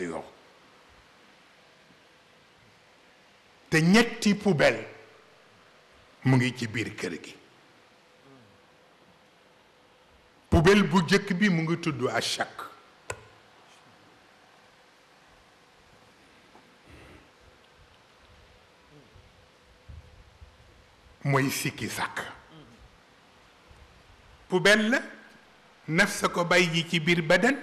di te ñetti poubelle mu ngi ci biir kër gi poubelle bu jëkk bi mu ngi tudd achak mooy sikki sàkk poubelle la naf sa ko bàyyi ci biir badan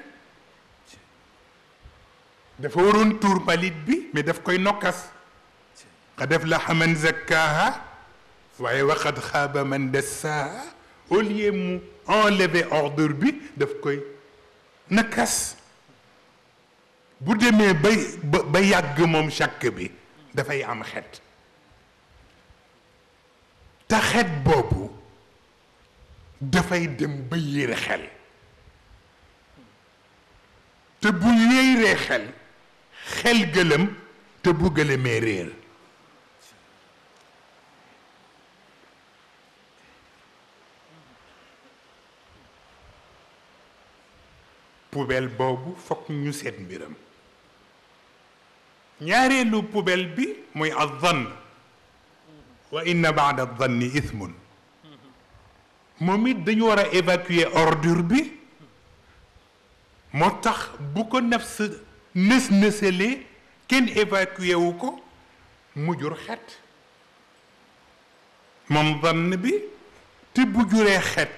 dafa waroon tuur mbalit bi mais daf koy nokkas qad aflaha man zakkaaha waaye waqad xaaba man dassaaha au lieu mu enlever ordure bi daf koy nakkas bu demee bay ba yàgg moom chàkk bi dafay am xet te xet boobu dafay dem ba yéer xel te bu yéeree xel xel gëlëm te bu gëlëmee réer poubelle boobu fokk ñu seet mbiram ñaareelu poubelle bi muy azan wa inna baada zanni ithmun moom it dañu war a évacuer ordure bi moo tax bu ko nafs nës nësalee kenn évacué wu ko mu jur xet moom vann bi te bu juree xet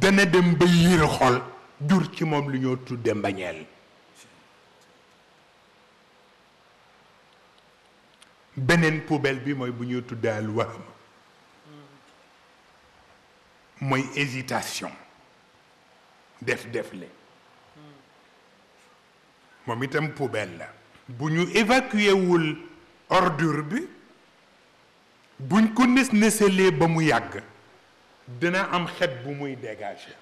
dana dem ba yiir xol jur ci moom lu ñoo tudde mbañeel beneen poubelle bi mooy bu ñuy tudde alwaham mooy hésitation def defle moom itam poubelle la bu ñu évacuer wul ordure bi buñ ko nës ba mu yàgg dina am xet bu muy dégager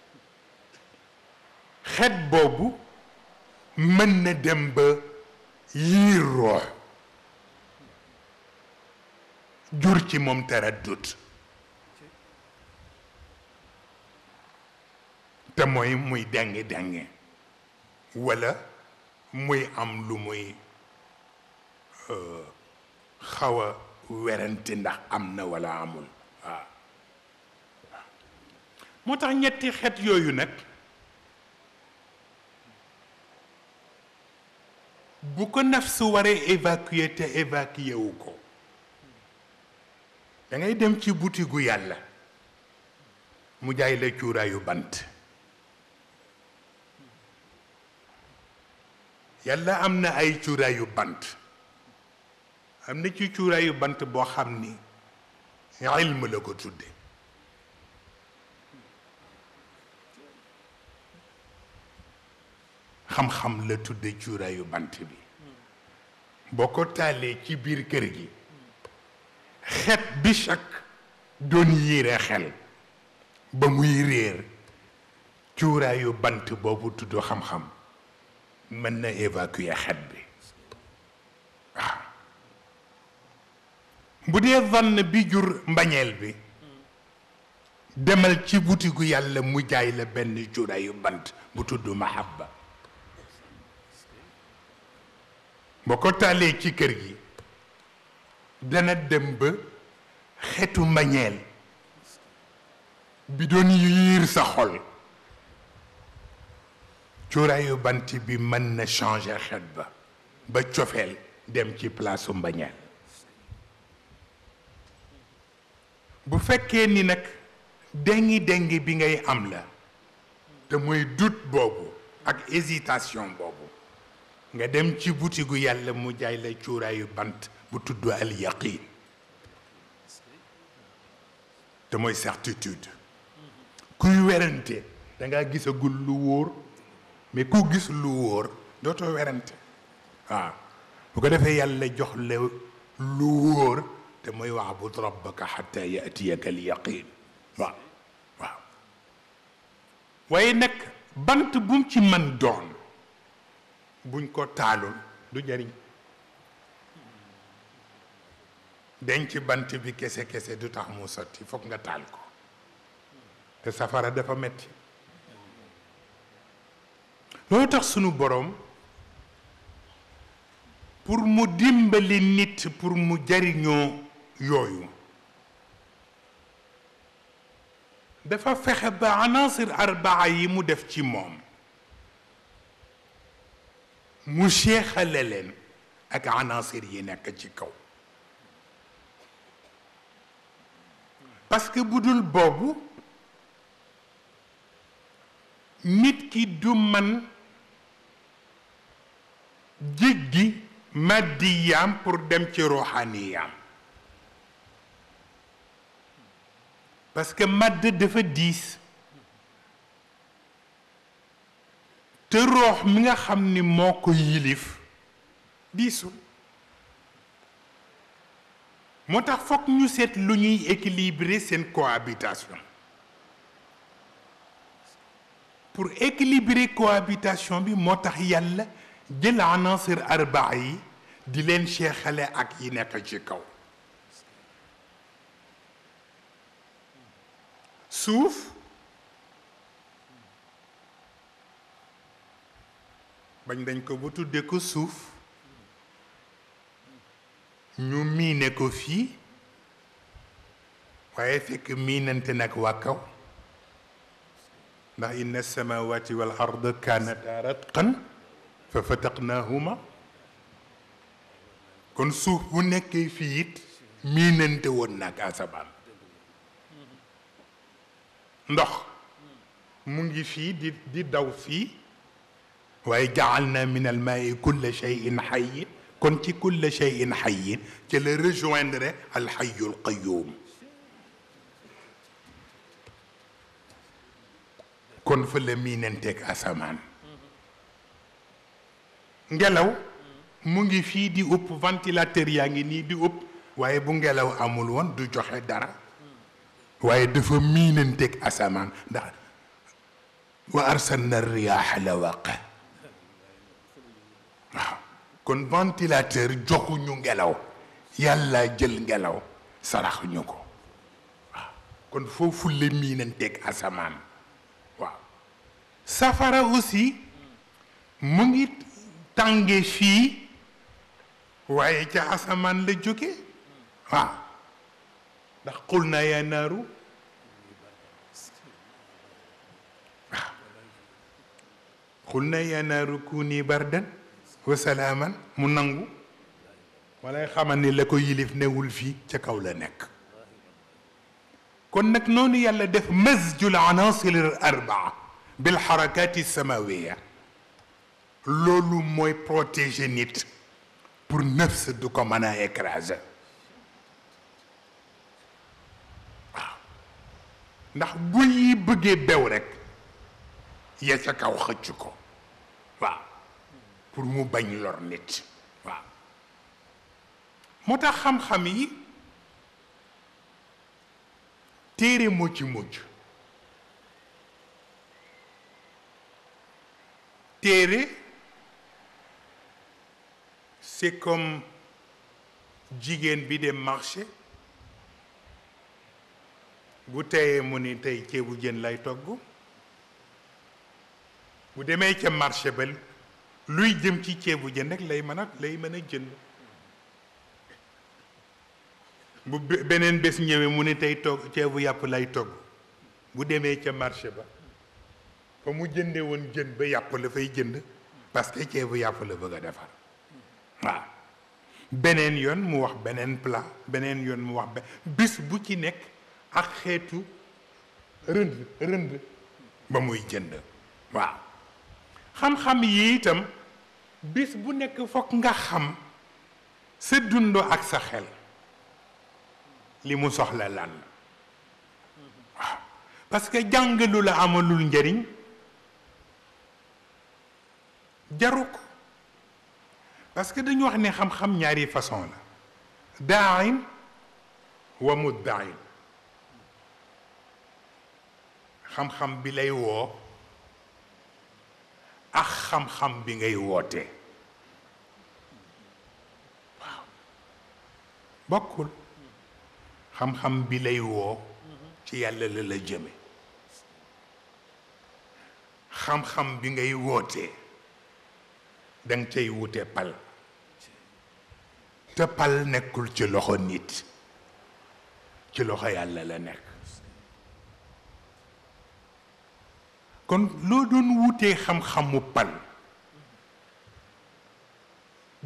xet boobu mën na dem ba yiir roox jur ci moom taraddut te mooy muy dengi dengi walla muy am lu muy euh, xaw a werante ndax am na wala amul waaw moo tax ñetti xeet yooyu nag bu ko nafsu waree évacuer te évacuer wu ko da ngay dem ci butigu yàlla mu jaay la cuuraayu bant yàlla am na ay cuuraayu bant am na ci cuuraayu bant boo xam ni ilm la ko tudde xam-xam la tudde cuuraayu bant bi boo ko taalee ci biir kër gi xet bi chak doon yiire xel ba muy réer cuuraayu bant boobu tudd xam-xam mën na évacuer xet bi bu dee vann bi jur mbañeel bi demal ci butigu yàlla mu jaay la benn cuuraayu bant bu tudd mahabba boo ko taalee ci kër gi dana dem ba xetu mbañeel bi doon yiir sa xol cuuraayu bant bi mën na changer xet ba ba cofeel dem ci palaasu mbañeel bu fekkee ni nag dengi dengi bi ngay am la te muy doute boobu ak hésitation boobu nga dem ci butigu yàlla mu jaay la cuuraayu bant bu tudd al yaqin te mooy certitude kuy werante da gisagul lu wóor mais ku gis lu wóor dootoo werante waaw bu ko defee yàlla jox la lu wóor te mooy wax bu rabbaka xatta yatiyaka al yaqin waaw waaw waaye nag bant bu mu ci mën doon buñ ko taalul du jariñ denc bant bi kese kese du tax mu sotti foog nga taal ko te safara dafa metti loolu tax sunu boroom pour mu dimbali nit pour mu jariñoo yooyu dafa fexe ba anaasir arbaa yi mu def ci moom mu seexale leen ak anaasir yi nekk ci kaw parce que bu dul boobu nit ki du man jéggi maddiyaam pour dem ci ruuxaaniyaam parce que madd dafa diis te roox mi nga xam ni moo ko yilif diisul moo tax fokk ñu seet lu ñuy équilibrer seen cohabitation pour équilibrer cohabitation bi moo tax yàlla jël anaasir arbaa yi di leen seexale ak yi nekk ci kaw suuf bañ dañ ko ba tuddee ko suuf ñu miine ko fii waaye fekk miinante nag waa kaw ndax inna samawati wal ard kaanata ratqan ففتقناهما كن سوف نكيفيت نيكي انت مينانتي وون ناك اسبان ندخ مونغي في دي داو في واي جعلنا من الماء كل شيء حي كون تي كل شيء حي تي ريجويندر الحي القيوم كون فلا مينانتيك اسمان ngelaw mu ngi fii di upp ventilateur yaa ngi nii di upp waaye bu ngelaw amul woon du joxe dara waaye dafa miinanteeg asamaan ndax wa arsalna riyaax lawaaqa waaw kon ventilateur joxuñu ngelaw yàlla jël ngelaw saraxuñu ko waaw kon foofu la miinanteeg asamaan waaw safara aussi mu ngi tànge fi waye ci asaman la jóge wa ndax qulna ya naru qulna ya naru kuni bardan wa salaman mu nangu walay xamane ni la ko yilif newul fi ci kaw la nek kon nak nonu yàlla def masjul anasir arbaa bil harakat as samawiya loolu mooy protéger nit pour nëfs du ko mën a écraser waaw ndax bu yi bëggee bew rekk ya ca kaw xëcc ko waaw pour mu bañ lor nit waaw moo tax xam-xam yi téere moo ci mujj téere c'est comme jigéen bi dem marché bu teyee moni ni tey ceebu jën lay togg bu démé ca marché bel luy jëm ci ceebu jeun rek lay mën a lay mën a bu benen bes ñëwee moni ni tey togg ceebu yàpp lay togg bu démé ci marché ba fa mu jënde won jeun ba yap la fay jënd parce que ceebu yap la bëgg a waaw beneen yoon mu wax beneen beneen yoon mu wax bis bu ci nekk ak xeetu rënd rënd ba muy jënd waaw xam-xam yi itam bis bu nekk foog nga xam sa dundo ak sa xel li mu soxla lan parce que jàng la amalul njëriñ jaruko parce que dañu wax ne xam-xam ñaari façon la daain wa muddain xam-xam bi lay woo ak xam-xam bi ngay woote bokkul xam-xam bi lay woo ci yàlla la la jëme xam-xam bi ngay woote danga cay wute pal te pal nekul ci loxo nit ci loxo yalla la nek kon lo doon wutee xam-xamu pal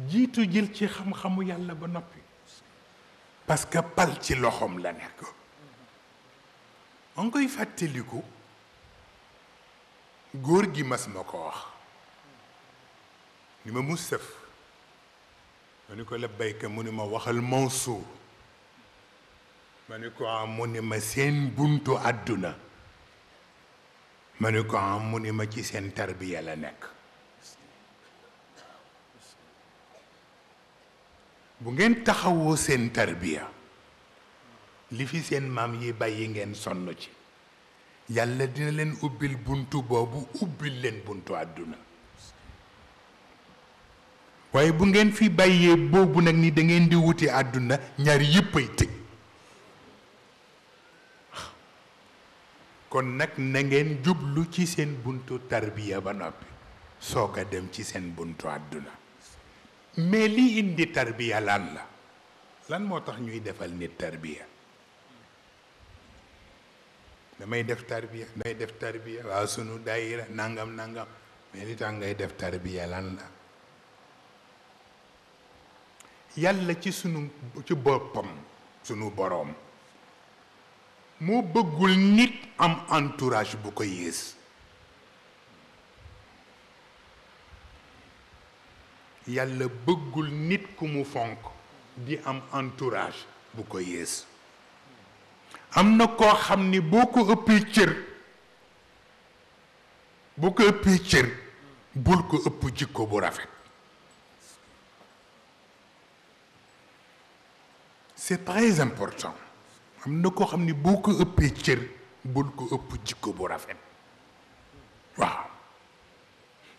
jitu jël ci xam-xamu yalla ba noppi parce que pal ci loxom la nek on koy fateliku gor gi mas mako wax ni ma mu ma ni ko labbayka mu ni ma waxal Mansour ma ni ko am mu ni ma seen buntu àdduna ma ni ko am mu ni ma ci seen tarbiya la nekk bu ngeen taxawoo seen tarbiya li fi seen maam yi bàyyi ngeen sonn ci yàlla dina leen ubbil buntu boobu ubbil leen buntu àdduna waye bu ngeen fi baye bobu nak ni da ngeen di wuti aduna ñaar yëpp ay kon nak na ngeen jublu ci sen buntu tarbiya ba nopi soog dem ci sen buntu aduna mais li indi tarbiya lan la lan motax ñuy defal nit tarbiya damay def tarbiya damay def tarbiya wa sunu daira nangam nangam mais li tangay def tarbiya lan la yàlla ci sunu ci boppam sunu boroom moo bëggul nit am entourage bu ko yées yàlla bëggul nit ku mu fonk di am entourage bu ko yées am na koo xam ni boo ko ëppee cër boo ko ëppee cër bul ko ëpp jikko bu rafet c'est très important am na koo xam ni boo ko bul ko ëpp jikko bu rafet waaw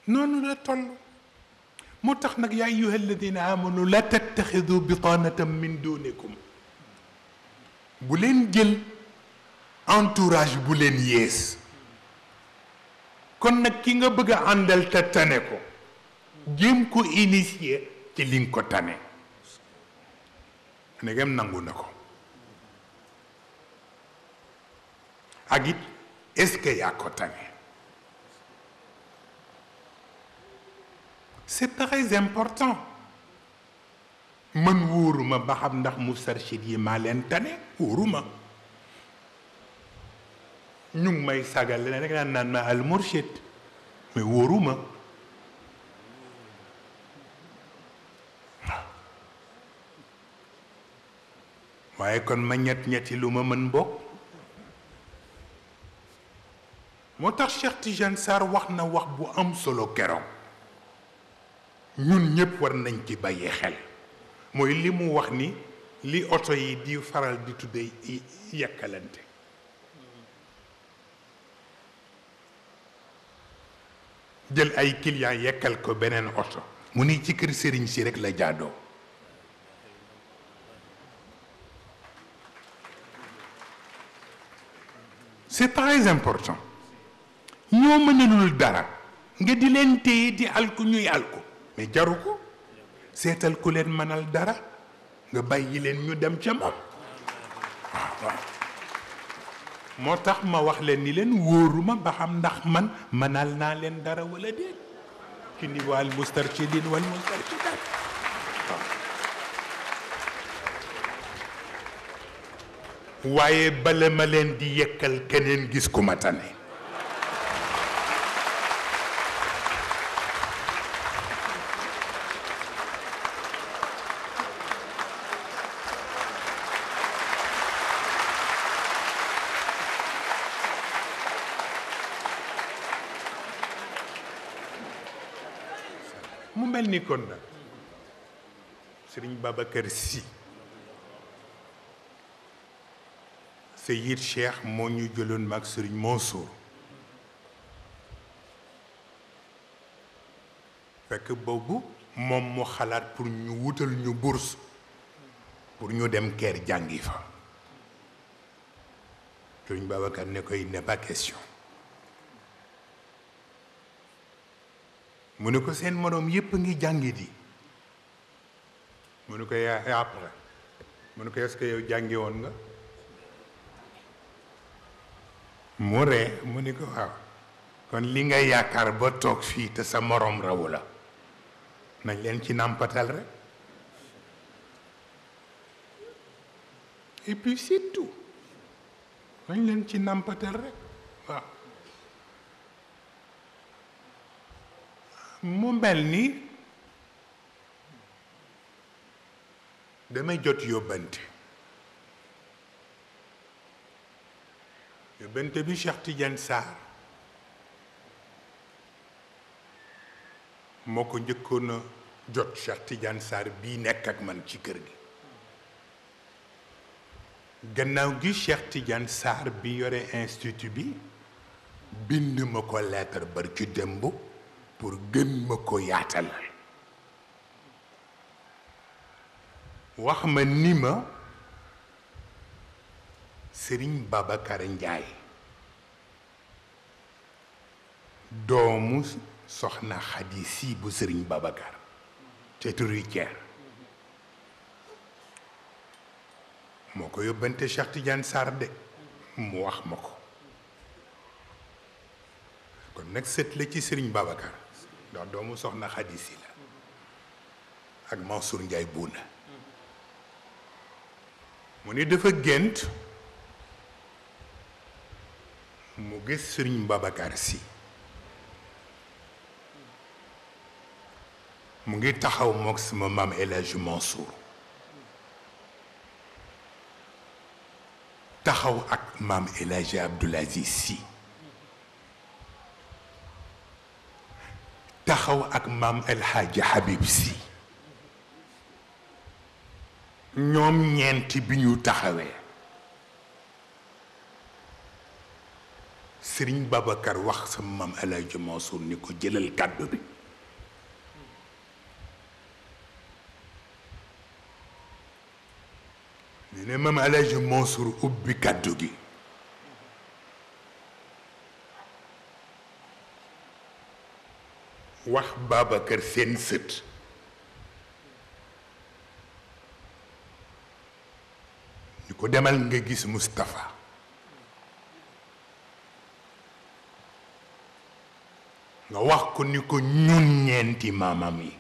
noonu la toll Motax nak ya ayyuhal ladina amanu la tattakhidhu bitanatan min dunikum bu len jël entourage bu len yes. kon nak ki nga bëgg àndal ta tane ko jéem ko initier ci li nga ko tane ndegem nangu na ko ak it est-ce que ko tane c'est très important man wóoruma ba xam ndax Moustarchid yi maa leen tane wóoruma ñu ngi may sagal leneen rek naan naan ma al murshid mais wóoruma waaye kon ma ñett ñetti lu ma mën bokk moo tax Cheikh Tidiane Sarr wax na wax bu am solo keroog ñun ñëpp war nañ ci bàyyi xel mooy li mu wax ni li oto yi di faral di tudde yàkkalante jël ay clients yekkal ko beneen oto mu ni ci kër sëriñ si rekk la jaadoo c'est très important ñoo mënalul dara nga di leen téye di alku ñuy alku mais jaru ko seetal ku leen mënal dara nga bàyyi leen ñu dem ca moom waaw moo tax ma wax leen ni leen wóoruma ba xam ndax man mënal naa leen dara wala déet ci niwaal mustarchidin wal mustarchidat waaye bala ma leen di yëkkal keneen gis ku tane mu mel ni kon nag Serigne C'est Cheikh moo ñu a mag Serigne Mansour fekk Bobu, moom pour ñu wutal ñu bourse pour ñu dem keer fa Serigne Babacar ne ko n'est pas question mu ne ko seen dire. yépp ngi di ne après ce que mu ree mu ni ko waaw kon li nga yaakaar ba toog fii te sa moroom raw la nañ leen ci nàmpatal rek et leen ci nàmpatal rek mu mel ni damay jot yóbbante yóbbante bi Cheikh Tidiane Sarr moo ko njëkkoon jot Cheikh Tidiane Sarr bii nekk ak man ci kër gi gannaaw gi Cheikh Tidiane saar bi yore institut bi bind ma ko lettre bar ci démb pour gën ma ko yaatal wax ma ni ma Sering Babacar Njaay domus soxna hadisi bu sëriñ Babacar te turu ceer moko ko yóbbante Cheikh Tidiane sar de mu wax mako kon nek set le ci Babacar do soxna hadisi la ak Mansour Njaay buuna mu ni dafa gis sëriñ Babacar Sy mu ngi taxaw mook sama maam El Hadj Mansour taxaw ak maam El Hadj Abdoul Aziz Sy taxaw ak maam El Hadj Habib Sy ñoom ñeent bi ñu taxawee sëriñ Babacar wax sama maam El Hadj ni ko jëlal kàddu bi ne ne maam El Hadj ubbi kàddu gi wax Babacar seen sët ni ko demal nga gis Moustapha nga wax ko ni ko ñun ñeenti maamam yi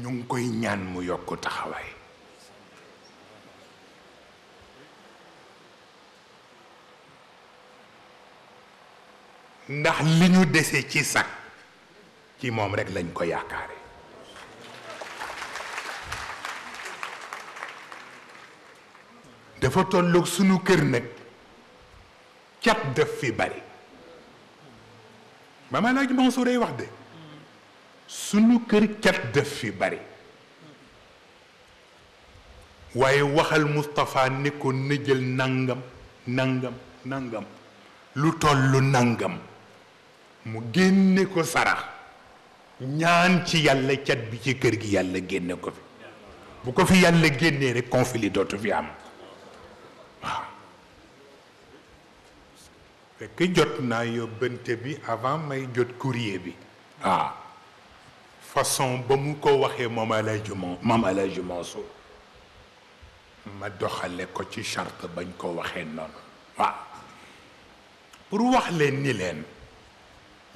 ñu ngi koy ñaan mu yokk taxawaay ndax li ñu dese ci sax ci moom rekk lañ ko yaakaare dafa tolloog sunu kër nag cat def fi bari ba ma laaj Mansour ay wax de sunu kër cat def fi bari waaye waxal Moustapha ne ko na jël nangam nangam nangam lu tollu nangam mu génne ko sarax ñaan ci yàlla cat bi ci kër gi yàlla génne ko fi bu ko fi yàlla génnee rek conflit dootu fi am waaw fekk jot naa yóbbante bi avant may jot courrier bi ah façon ba mu ko waxee moom Alaaji moom Alaaji Mansour ma doxale ko ci charte bañ ko waxee noonu waaw ah. pour wax leen ni leen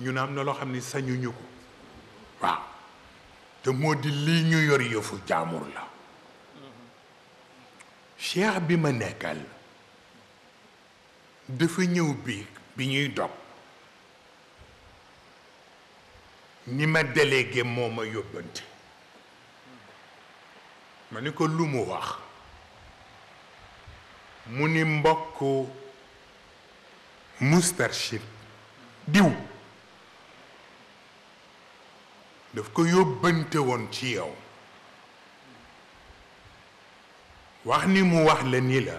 ñu ne am na loo xam ne sañuñu ko waaw ah. te moo di lii ñu yor yëfu jaamur la cheikh bi ma nekkal dafa ñëw biir bi ñuy dog ni ma délégué moo ma yóbbante ma ni ko lu mu wax mu ni mbokk Moustarchid diw daf ko yóbbante woon ci yow wax ni mu wax la ni la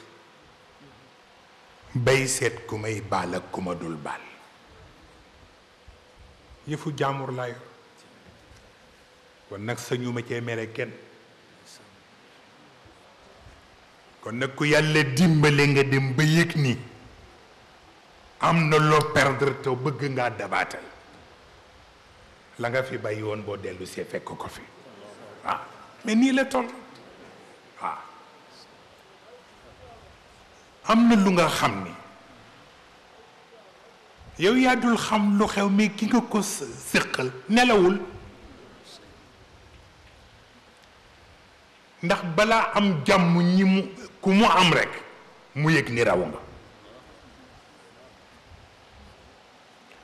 bay seet ku may baal ak ku ma dul baal yëfu jaamur laa yor kon nag sañu ma cee mere kenn kon nag ku yàlla dimbale nga dem ba yëg ni am na loo perdre te bëgg ngaa dabaatal la nga fi bàyyi woon boo dellu see fekk ko fi waaw ah, mais nii la toll waaw ah. amna lu nga xamni yow ya dul xam lu xew mi ki nga ko sekkal nelawul ndax bala am jàmm ñi mu ku mu am rek mu yëg ni raw nga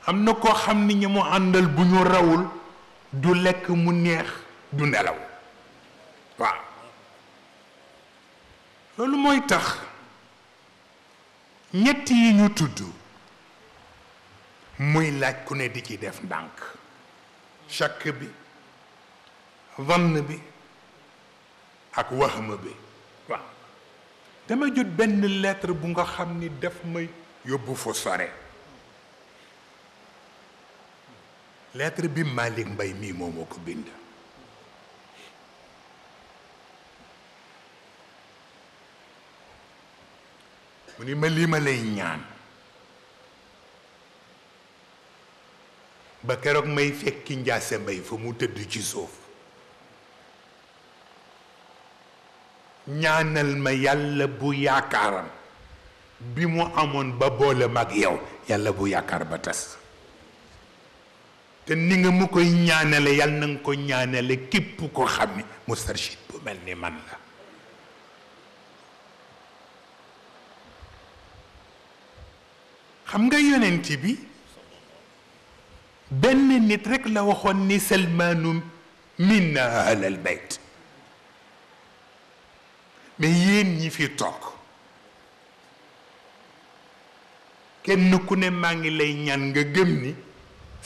amna ko xamni ni mu àndal bu ñu rawul du lek mu neex du nelaw waaw loolu mooy tax ñett yi ñu tudd muy laaj ku ne di ci def ndànk chakk bi vann bi ak waxma bi waaw dama jot benn lettre bu nga xam ni def may yóbbu fu sore lettre bi Malick Mbaye mii moo ko bind mu ni ma lii ma lay ñaan ba keroog may fekki njaase mbay fa mu tëdd ci suuf ñaanal ma yàlla bu yaakaaram bi mu amoon ba boole mag yow yàlla bu yaakaar ba tas te ni nga mu koy ñaanale yàlla na nga ko ñaanale képp ko xam ne mustarshid bu mel ni man la xam nga yonent bi benn nit rek la waxoon ni salmaanu minna ahlal bayt mais yéen ñi fi toog kenn ku ne maa ngi lay ñaan nga gëm ni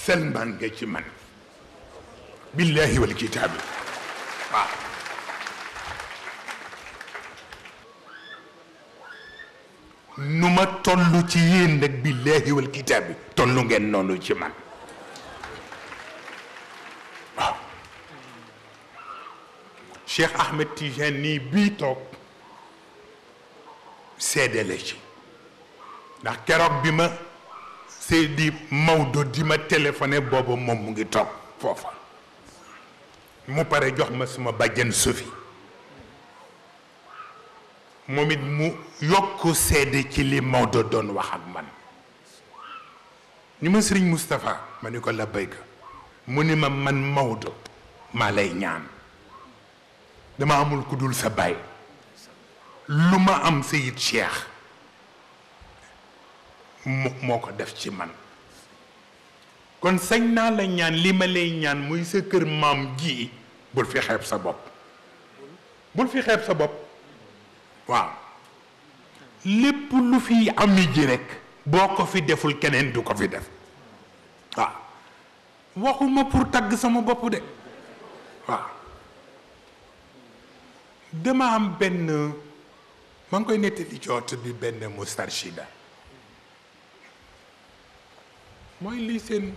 salmaan nga ci man billahi wal kitaabi nu ma tollu ci yéen nag billaahi wal kitaab bi tollu ngeen noonu ci man waaw Cheikh Ahmed Tijani bii toog seedale ci ndax keroog bi ma Seydi Maodo di ma téléphoné booba moom mu ngi toog foofa mu pare jox ma suma bàjjen Sofi moom it mu yokk sedd ci li Maodo doon wax ak man ñu ma sëriñ Moustapha ma ni ko la béyka mu ni ma man Maodo maa lay ñaan dama amul ku dul sa baay lu ma am Seyid Cheikh moo ko def ci man kon sañ naa la ñaan li ma lay ñaan muy sa kër maam gi bul fi xeeb sa bopp bul fi xeeb sa bopp waaw lépp lu fi ami ji rek boo ko fi deful keneen du ko fi def waaw waxuma pour tagg sama bopp de waaw dama am benn maa ngi koy nettali ci bi benn mustarshida mooy lii seen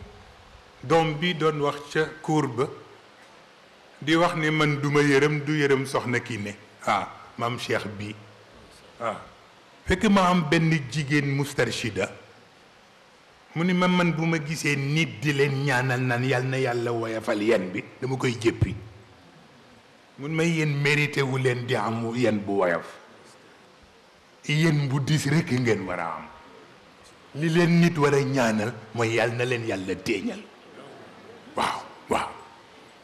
doom bi doon wax ca cour ba di wax ne man duma yërëm du yërëm soxna kii ne waaw مام شيخ بي فك ما ام بن جيجين مسترشدة موني مام من بوما غيسه نيت دي لين نيانال نان يالنا يالا ويا فاليان بي دما كوي جيبي مون ما يين ميريتي وولين دي ام يين بو وياف يين بو ديس ريك نين ورا ام لي لين نيت ورا نيانال مو يالنا لين يالا تينال واو واو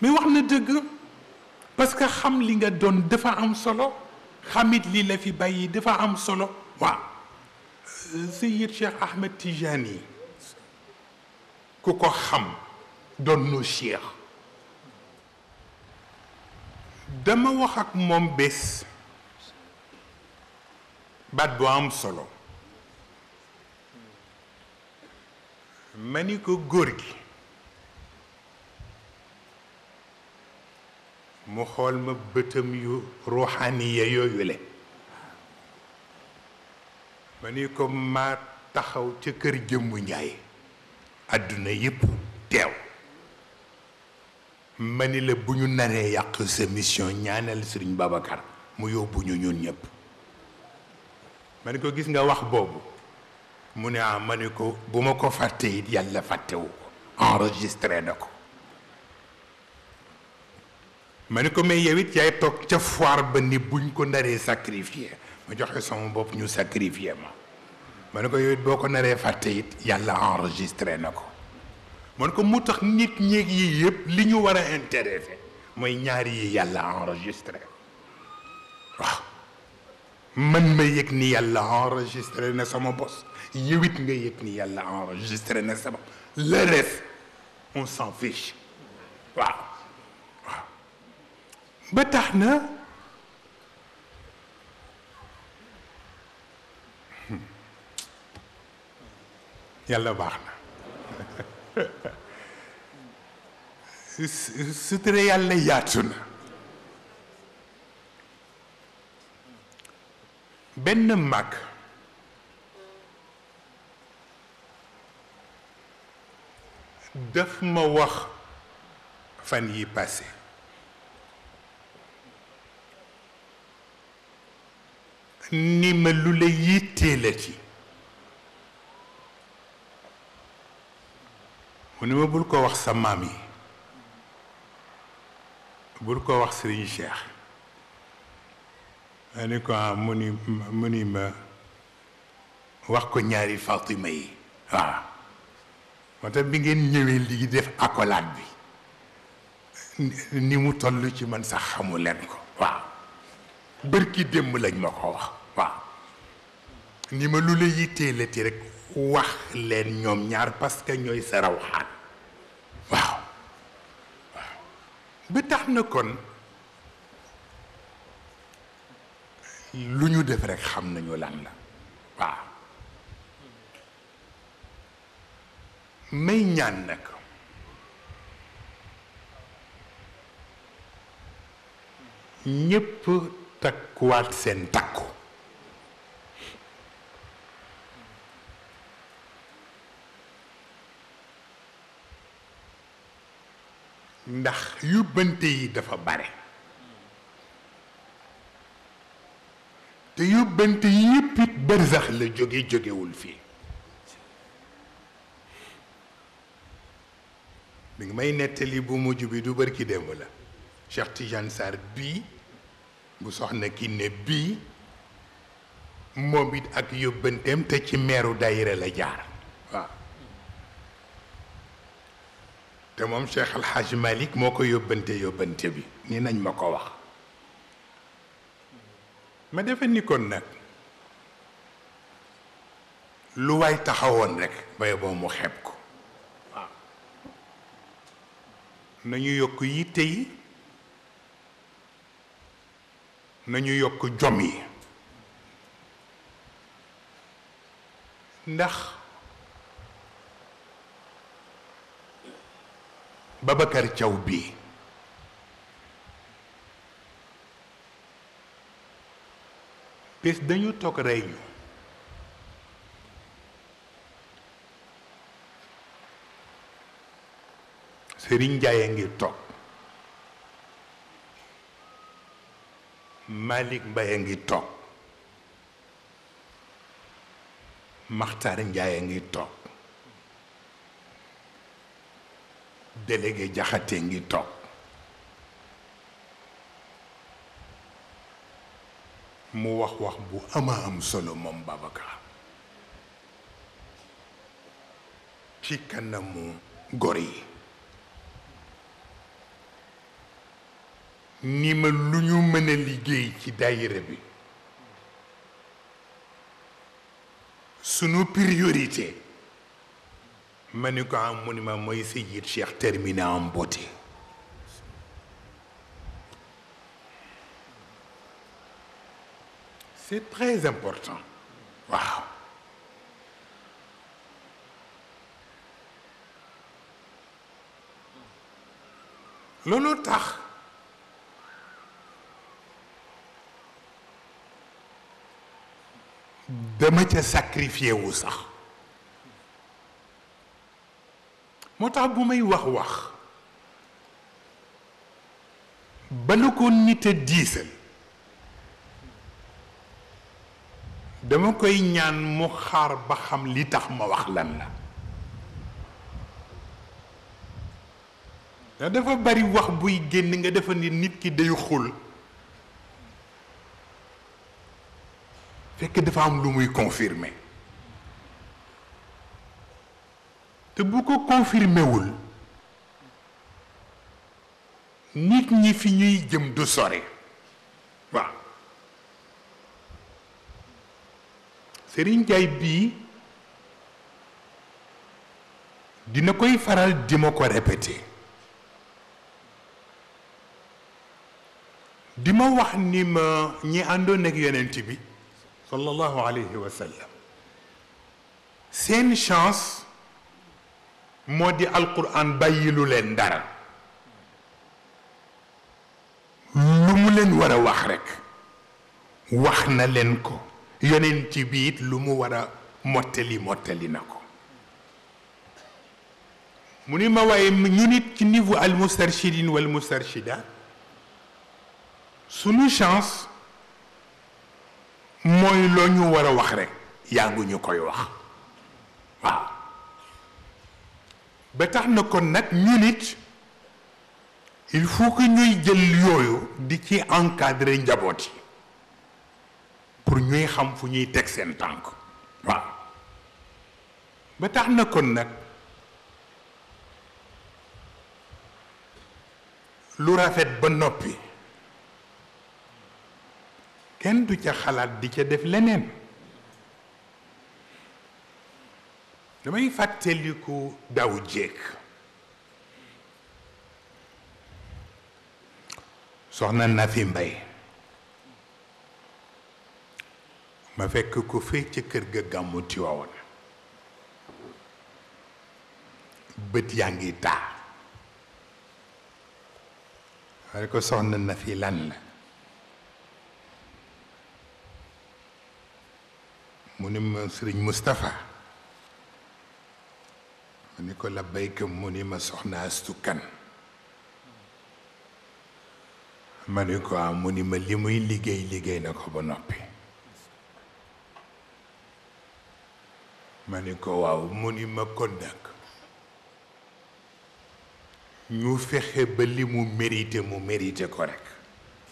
مي واخنا دغ باسكو خام ليغا دون دفا ام سولو xamit li la fi bàyyi dafa am solo waaw Seyid Cheikh Ahmed Tijani ku ko xam doon nu cheikh dama wax ak moom bés baat bu am solo ma ni ko góor gi mu xool ma bëtam yu ruuxaniya yooyu le ma ni ko maa taxaw ca kër jëmmu njaay àdduna yépp teew ma ni la bu ñu naree yàq sa mission ñaanal sëriñ Babacar mu yóbbu ñu ñun ñëpp ma ni ko gis nga wax boobu mu ne ah ma ni ko bu ma ko fàttee it yàlla fàttewu ko na ko ma ko mais yewit it yaay toog ca foire ba ni buñ ko ndaré sacrifier ma joxe sama bop ñu sacrifier ma ma ko yewit boko boo ko naree fàtte it yàlla enregistré na ko ma ko mu nit ñeek yi yëpp li ñu war a intéressé mooy ñaari yi yàlla enregistré waaw man ma yëg ni yalla enregistrer na sama bos yewit nga yëg ni yalla enregistrer na sama le reste on s'en fiche waaw متى احنا يلا بعنا ستر يلا ياتنا بن مك دف ما وخ باسي ndimbal lu la yitteela ci mu ne ma bul ko wax sa maam yi bul ko wax Serigne Cheikh ma ne ko mu ni mu ni ma wax ko ñaari Fatima yi waaw moo tax bi ngeen ñëwee lii def accolade bi ni mu toll ci man sax xamu leen ko waaw bërki démb lañ ma ko wax waaw ni ma lu la yitteelati rek wax leen ñoom ñaar parce ñooy sa rawxaan waaw waaw bi tax na kon lu ñu def rekk xam nañu lan la waaw may ñaan nag ñépp takkuwaat seen takku ndax yóbbante yi dafa bare te yóbbante yi yëpp it barsax la jóge jógewul fii mi ngi may nettali bu mujj bi du bërki démb la Cheikh Tidiane Sarr bii bu soxna ki ne bii moom it ak yóbbanteem te ci meeru daayira la jaar waaw te moom Cheikh Al Hadj Malick moo ko yóbbante yóbbante bi ni nañ ma ko wax ma defe ni kon nag lu waay taxawoon rek bay boo mu xeeb ko waaw nañu yokk yitte yi nañu yokk jom yi ndax Babacar caw bii bés dañu toog rey ñu Sëriñ Njaay a ngi toog malik Mbaye a ngi toog maxtar Njaay a ngi toog délégué jaxate ngi toog mu wax wax bu ama am solo moom Babacar ci kanamu gor yi ni ma lu ñu mën liggéey ci daayira bi sunu priorité ma ni ko am mu ni ma Cheikh terminé en beauté c'est très important waaw loolu tax dama ca sacrifier wu sax motax bu may wax wax baluko nité diisel dama koy ñaan mu xaar ba xam li tax ma wax lan la da dafa bari wax buy génn nga dafa ni nit ki day xul fekk dafa am lu muy confirmer te bu ko confirmé wul nit ñi fi ñuy jëm du sore waaw Serigne bii dina koy faral di ma ko répété di ma wax ni ma ñi àndoon ak yonent bi sallallahu alayhi wa seen chance moo di alquran bàyyilu leen dara lu mu leen war a wax rekk wax na leen ko yonent ci biit lu mu war a mottali mottali na ko mu ni ma waaye ñu nit ci niveau al mustarchidin wal mustarchida sunu chance mooy loo ñu war a wax rekk yaa ngi ñu koy wax waaw ba tax na kon nag ñu nit il faut ñuy jël yooyu di ci encadrer njaboot yi pour ñuy xam fu ñuy teg seen tànk waaw ba tax na kon nag lu rafet ba noppi kenn du ca xalaat di ca def leneen damay fàtteliku daw jéeg soxna na fi mbay ma fekk ko fee ca kër ga gàmmu Tiwaawan bët yaa ngi taa ware ko soxna na fi lan la mu ne ma sëriñ Moustapha ni ko labbayka mu ni ma soxna astu kan ma ni ko am mu ni ma li muy liggéey liggéey na ko ba noppi ma ni ko waaw mu ni ma kon nag ñu fexe ba li mu mérité mu mérité ko rek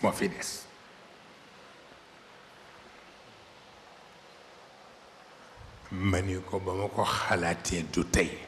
moo fi des ma ni ko ba ma ko xalaatee du tey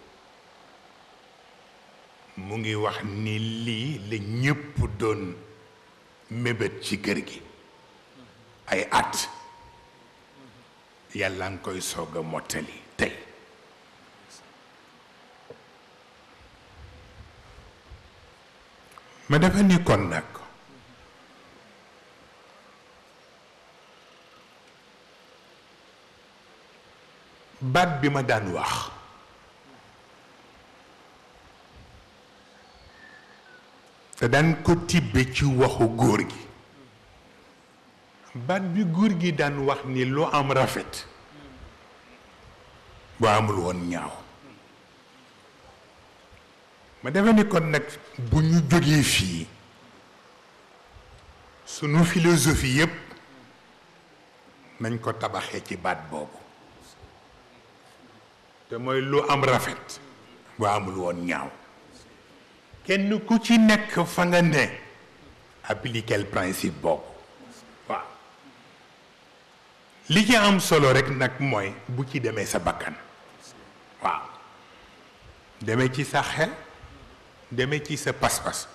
mu ngi wax ni lii la ñëpp doon mébét ci kër gi ay at yàlla nga koy soog a mottali tey ma dafa ni kon nag baat bi ma daan wax te daan ko tibbe ci waxu góor gi baat bi góor gi daan wax ni lu am rafet bu amul woon ñaaw ma defe ni kon nag bu ñu jógee fii sunu philosophie yépp nañ ko tabaxee ci baat boobu te mooy lu am rafet bu amul woon ñaaw kenn ku ci nekk fa nga ne appliquer le principe boobu waaw li ci am solo rek nag mooy bu ci demee sa bakkan waaw demee ci sa xel demee ci sa pas-pas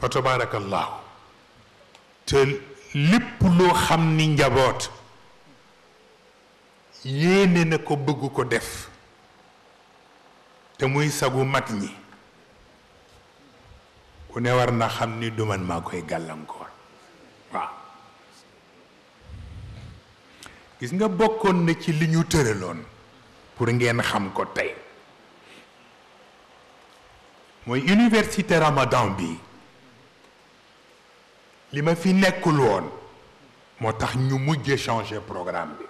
fa tabaarakallaahu te lépp lu xam ni njaboot yéene na ko bëgg ko def te muy sagu mag ñi ku ne war na xam ni du man maa koy gàllankoor waaw gis nga bokkoon na ci li ñu tëraloon pour ngeen xam ko tey mooy université Ramadan bi li ma fi nekkul woon moo tax ñu mujj changer programme bi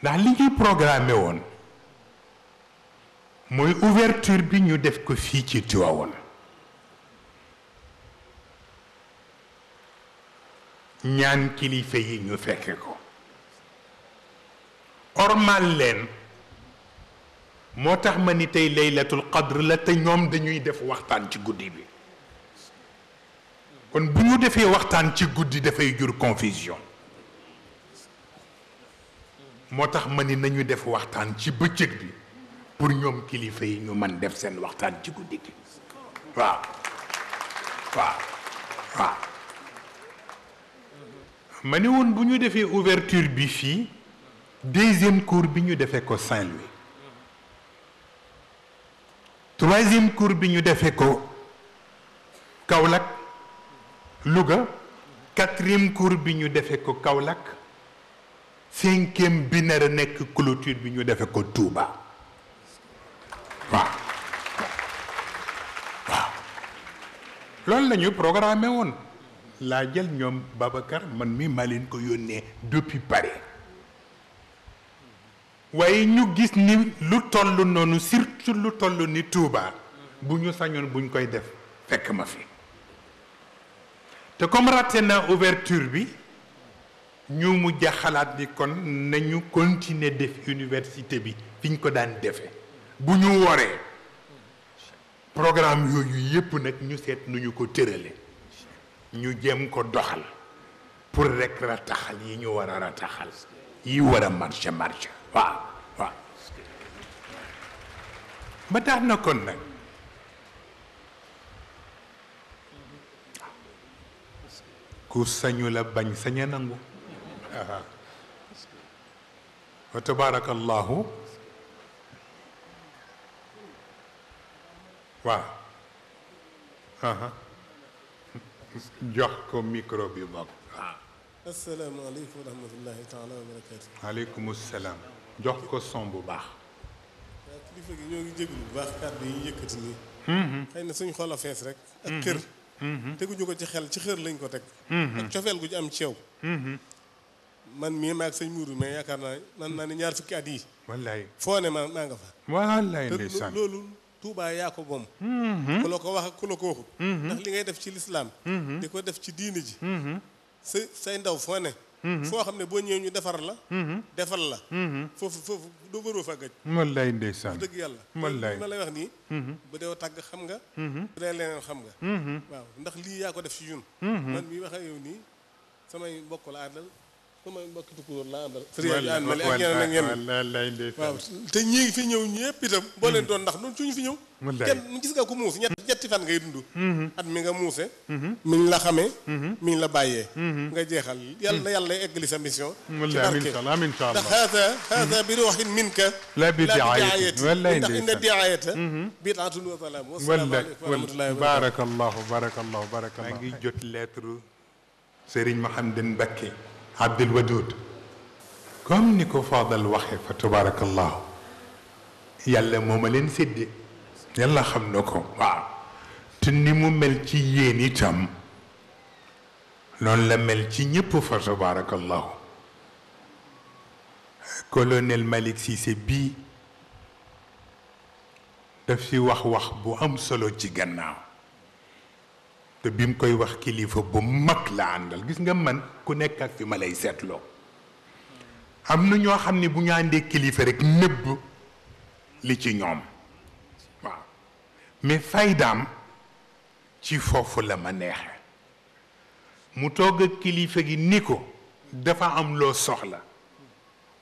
ndax li ñuy programme woon mooy ouverture bi ñu def ko fii ci Tiwaawan ñaan kilifa yi ñu fekke ko ormal leen moo tax ma ni tey laylatul qadr la te ñoom dañuy def waxtaan ci guddi bi kon bu ñu defee waxtaan ci guddi dafay jur confusion moo tax ma ni nañu def waxtaan ci bëccëg bi pour ñom kilifa yi ñu man def sen waxtaan ci guddi gi waaw waaw waaw ma ne woon bu ouverture bi fii deuxième cour bi ñu defee ko Saint-Louis troisième cour bi ñu defee ko Kaolack Louga quatrième cour bi ñu defee ko Kaolack cinquième bi nar a clôture bi ñu defee ko Touba. waaw waaw loolu la woon laa jël ñoom babakar man mi maa leen ko yónnee depuis Paris waaye ñu gis ni lu toll noonu surtout lu toll ni tuuba bu ñu sañoon buñ koy def fekk ma fi te comme raté na ouverture bi ñu mujj xalaat ni kon nañu continuer def université bi fi ñu ko daan defee bu ñu waree programme yooyu yépp nag ñu seet nu ñu ko tërale ñu jéem ko doxal pour rek rataxal yi ñu war a rataxal yi war a marché marché waaw ba tax na kon nag ku sañu bañ sañ a nangu wa tabaarakallahu waaw jox ko micro bi bopp waaw asalaamaaleykum wa rahmatullahi taala wa barakaatu aleykum salaam jox ko son bu baax waaw kilifa gi ñoo ngi jéglu bu baax kàddu yi yëkkati nii xëy na suñ xol a fees rek ak kër teguñu ko ci xel ci xër lañ ko teg ak cofeel gu ci am ceew man mii maag sëñ muuru mais yaakaar naa man naa ne ñaar fukki at yi wallaay foo ne ma maa nga fa wallaay ndeysaan loolu Touba yaa ko moom. Mm-hmm. ku la ko wax ak ku la ko waxut. Mm-hmm. ndax li ngay def ci lislaam mm-hmm. di ko def ci diini ji. sa say ndaw foo ne. foo xam ne boo ñëwee ñu defar la. defal la. foofu foofu doo waroo fa gëj. wallaay ndeysaan dëgg yàlla. wallaay ma lay wax nii. bu dee tàgg xam nga. bu dee leneen xam nga. waaw ndax lii yaa ko def ci ñun. man mii wax yow nii samay mbokk la àndal. sama mbokki tukulóor laa àndal. waaw te ñii fi ñëw ñëpp itam. boo leen doon ndax ñun suñu fi ñëw. kenn gis nga ko muus ñett ñetti fan ngay dund. Mm-hmm. at mi nga muuse. Mm-hmm. mi ngi la xamee. Mm-hmm. mi ngi la bàyyee. nga jeexal yàlla yàlla eggali sa mission. ci barke ndax haada haada bi ruuxin minka. la bi diaayati wallaay ndax inna diaayata. bidaatun wa salaam wa salaamu aleykum wa rahmatullaahi wa barakaatuh. baarakallahu baarakallahu baarakallahu. maa ngi jot lettre Serigne Mouhamadou Mbacké. عبد الودود كم نكو فاضل وحي فتبارك الله يلا مملين سيدي يلا خمنكم وا تني ممل تي تام لون لا مل تي فتبارك الله كولونيل مالك سي سي بي دا في واخ واخ بو ام سولو تي te bi mu koy wax kilifa bu mag la àndal gis nga man ku nekk ak fi ma lay seetloo am na ñoo xam ne bu ñu àndee kilifa rek nëbb li ci ñoom waaw mais faydaam ci foofu la ma neexe mu togg ak kilifa gi ni ko dafa am loo soxla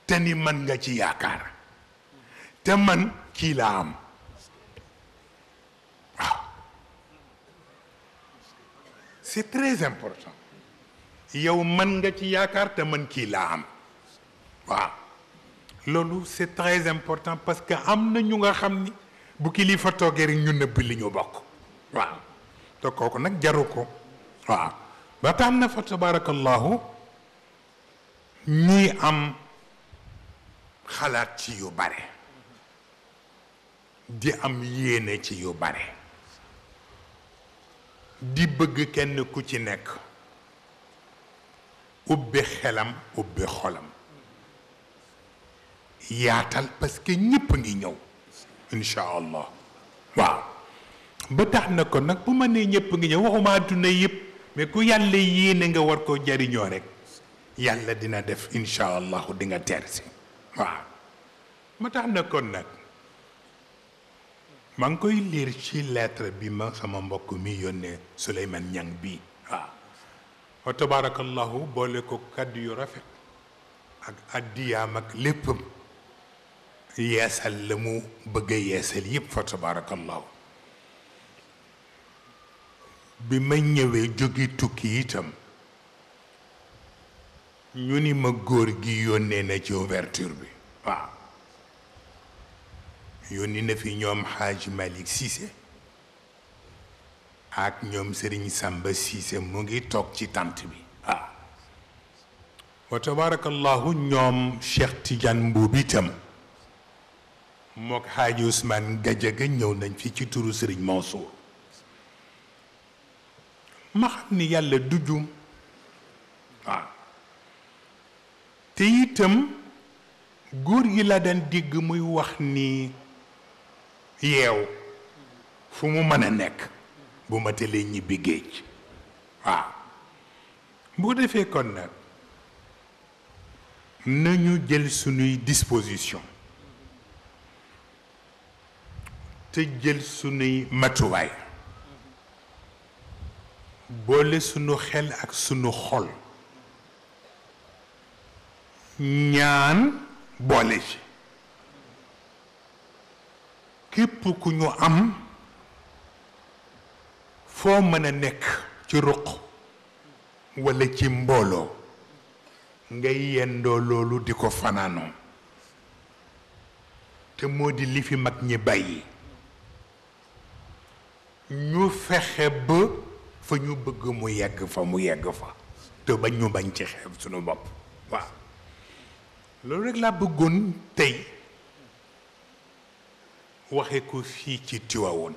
te ni mën nga ci yaakaar te man kii laa am c'est très important yow man nga ci yaakaar te man ki la am Wa. Lolu c'est très important parce que amna ñu nga xamni bu kilifa toge rek ñu neub li ñu bokk Wa. te kooku nag jaru ba tamna fa tabarakallah ni am xalaat ci yu bare di am yene ci yu bare di bëgg kenn ku ci nekk ubbi xelam ubbi xolam yaatal parce que ñëpp ngi ñëw incha allah waaw ba tax na ko nag bu ma nee ñëpp ngi ñëw waxuma adduna yëpp mais ku yàlla yéene nga war koo jariñoo rek yàlla dina def incha allahu dinga nga si waaw ma tax na kon nag maa ngi koy liir ci lettre bi ma sama mbokk mi yónnee Souleymane Niang bi waaw wa tabaarakallahu boole ko kàddu yu rafet ak addiyaam ak léppam yeesal la mu bëgg a yeesal yépp fa tabaarakallahu bi ma ñëwee jóge tukki itam ñu ni ma góor gi yónnee na ci ouverture bi waaw yónni na fi ñoom xaaji Malick Cissé ak ñoom sëriñ Samba Cissé mu ngi toog ci tant bi ah wa tabarakallahu ñoom Cheikh Tidiane Mbuub itam mook xaaji Ousmane Gajaga ñëw nañ fi ci turu Serigne Mansour ma xam ni yàlla du ah. te itam góor gi la daan dégg muy wax ni yeew fu mu mën a nekk bu ma tëlee ñibbi géej waaw bu defee kon nag nañu jël sunuy disposition te jël sunuy matuwaay boole sunu xel ak sunu xol ñaan boole ci képp ku ñu am foo mën a nekk ci ruq walla ci mbooloo ngay yendoo loolu di ko fanaanoo te moo di li fi mag ñi bàyyi ñu fexe ba fa ñu bëgg mu yegg fa mu yegg fa te bañ ñu bañ ci xeeb sunu bopp waaw loolu rek laa bëggoon tey waxe ko fii ci Tiwaawoon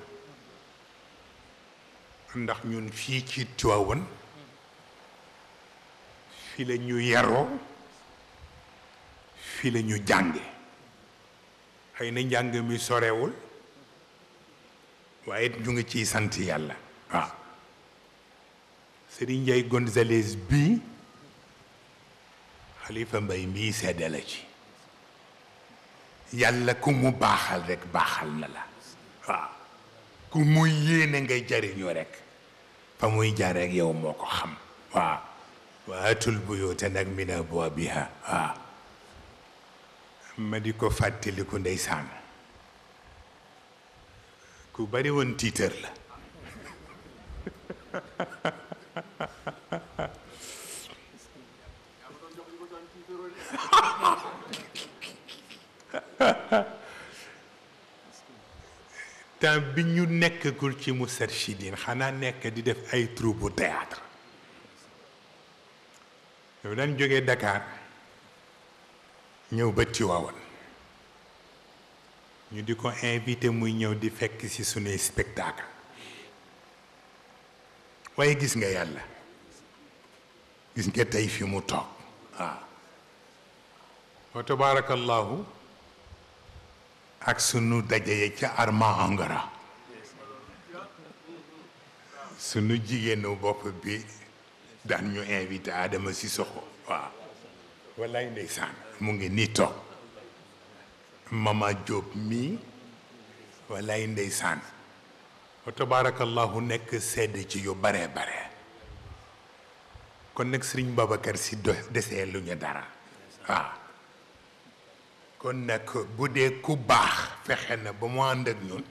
ndax ñun fii ci Tiwaawoon fii la ñu yaroo fii lañu ñu jànge xëy na njàng mi sorewul waaye ñu ngi ciy sant yàlla waaw Serigne Ndiaye bii xalifa mbay mii sedda ci yàlla ku mu baaxal rek baaxal na la waaw ku muy yéene ngay jariñoo rekk fa muy jaar yow moo ko xam waaw wa atul buyuuta nag min abwaabiha waaw ma di ko fàttaliku ndeysaan ku bari woon tiitër la temps bi ñu nekkagul ci musarshidin xana nekk di def ay troupe théâtre yow dañ joggé Dakar ñëw ba Tiwaawan ñu di ko invité muy ñëw di fekk ci suñu spectacle waye gis nga yàlla gis nga tay fi mu tok waaw wa tabarakallahu ak sunu dajeye ca Arma Angara sunu jigéenu bopp bi daan ñu invité Adama Sissoko waaw wallaay ndeysaan mu ngi nii ma mama Diop mii wallaay ndeysaan wa tabaarakallahu nekk sedd ci yu bare bare kon nag Sëriñ Babacar Si do desee lu ñu dara waaw kon nag bu dee ku baax fexe na ba mu ànd ak ñun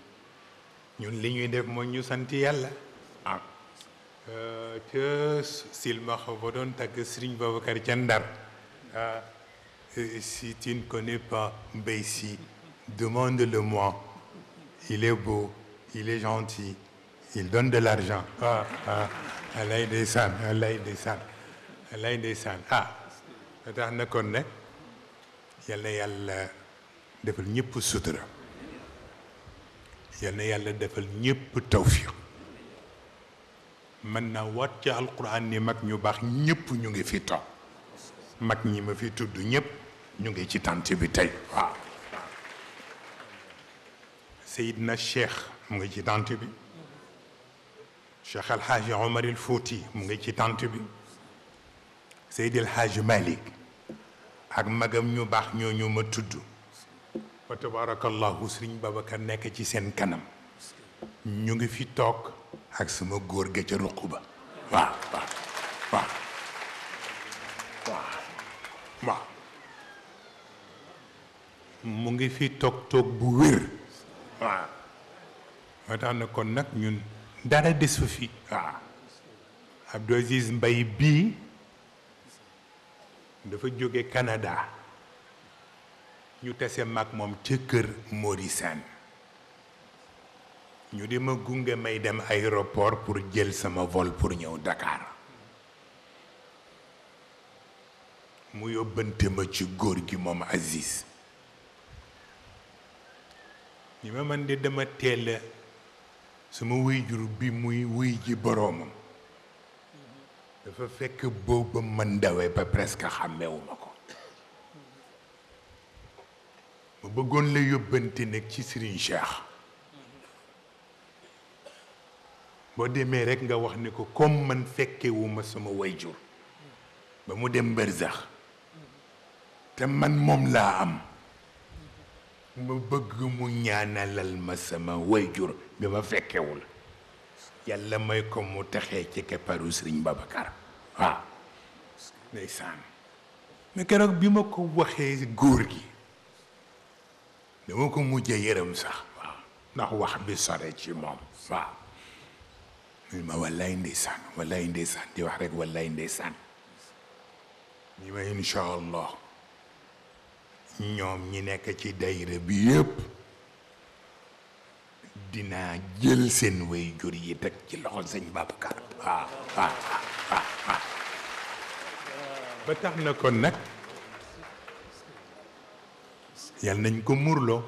ñun li ñuy def mooy ñu sant yàlla ah ca silmaxa ba doon tàgg Babacar ca Ndar ah. si tu ne connais pas Mbaye demande-le moi il est beau il est gentil il donne de l'argent ah ah alay ndeysaan alay ndeysaan alay ndeysaan ah tax na kon يالنا يالا ديفل نييب سوترا يالنا يالا ديفل نييب توفيق من نوات تي القران ني ماك ني باخ نييب نيغي في تو ماك ني ما في تود نييب نيغي سي تانتي بي تاي وا سيدنا الشيخ موغي سي تانتي بي شيخ الحاج عمر الفوتي موغي سي تانتي بي سيد الحاج مالك ak magam ñu baax ñoo ñu ma tudd fa tabarakallahu sëriñ Babacar nekk ci seen kanam ñu ngi fi toog ak suma góor ga ca ruq ba mu ngi fi toog toog bu wér waaw moo tax na kon nag ñun dara desu fi waaw Abdou Aziz Mbaye bii dafa jóge Canada ñu tase mag moom ca kër Morissane ñu di ma gunge may dem aéroport pour jël sama vol pour ñëw Dakar mu yóbbante ma ci góor gi moom Aziz ñi ma man de dama teel su wuy jur bi muy wuy ji boroomam dafa fekk booba mën dawee ba presque xàmmewuma ko ma bëggoon la yóbbante nekk ci Serigne Cheikh boo demee rekk nga wax ni ko comme man fekkewuma sama wayjur ba mu dem mbërsax te man moom laa am ma bëgg mu ñaanalal ma sama wayjur bi ma fekkewul yàlla may ko mu taxé ci kepparu sëriñ Babacar waaw ndeysaan mais keroog bi ma ko waxé góor gi dama ko mujjé yeram sax wa ndax wax bi sore ci mom wa mu ma wallaay neysan wallaay neysan di wax rek wallaay neysan ñi ma inshallah ñom ñi nekk ci dayre bi yëpp dinaa jël seen way jur yi teg ci loxol sëñ Babacar waaw ah, ah, waaw ah, ba tax na ko nag yàlla nañ ko muurloo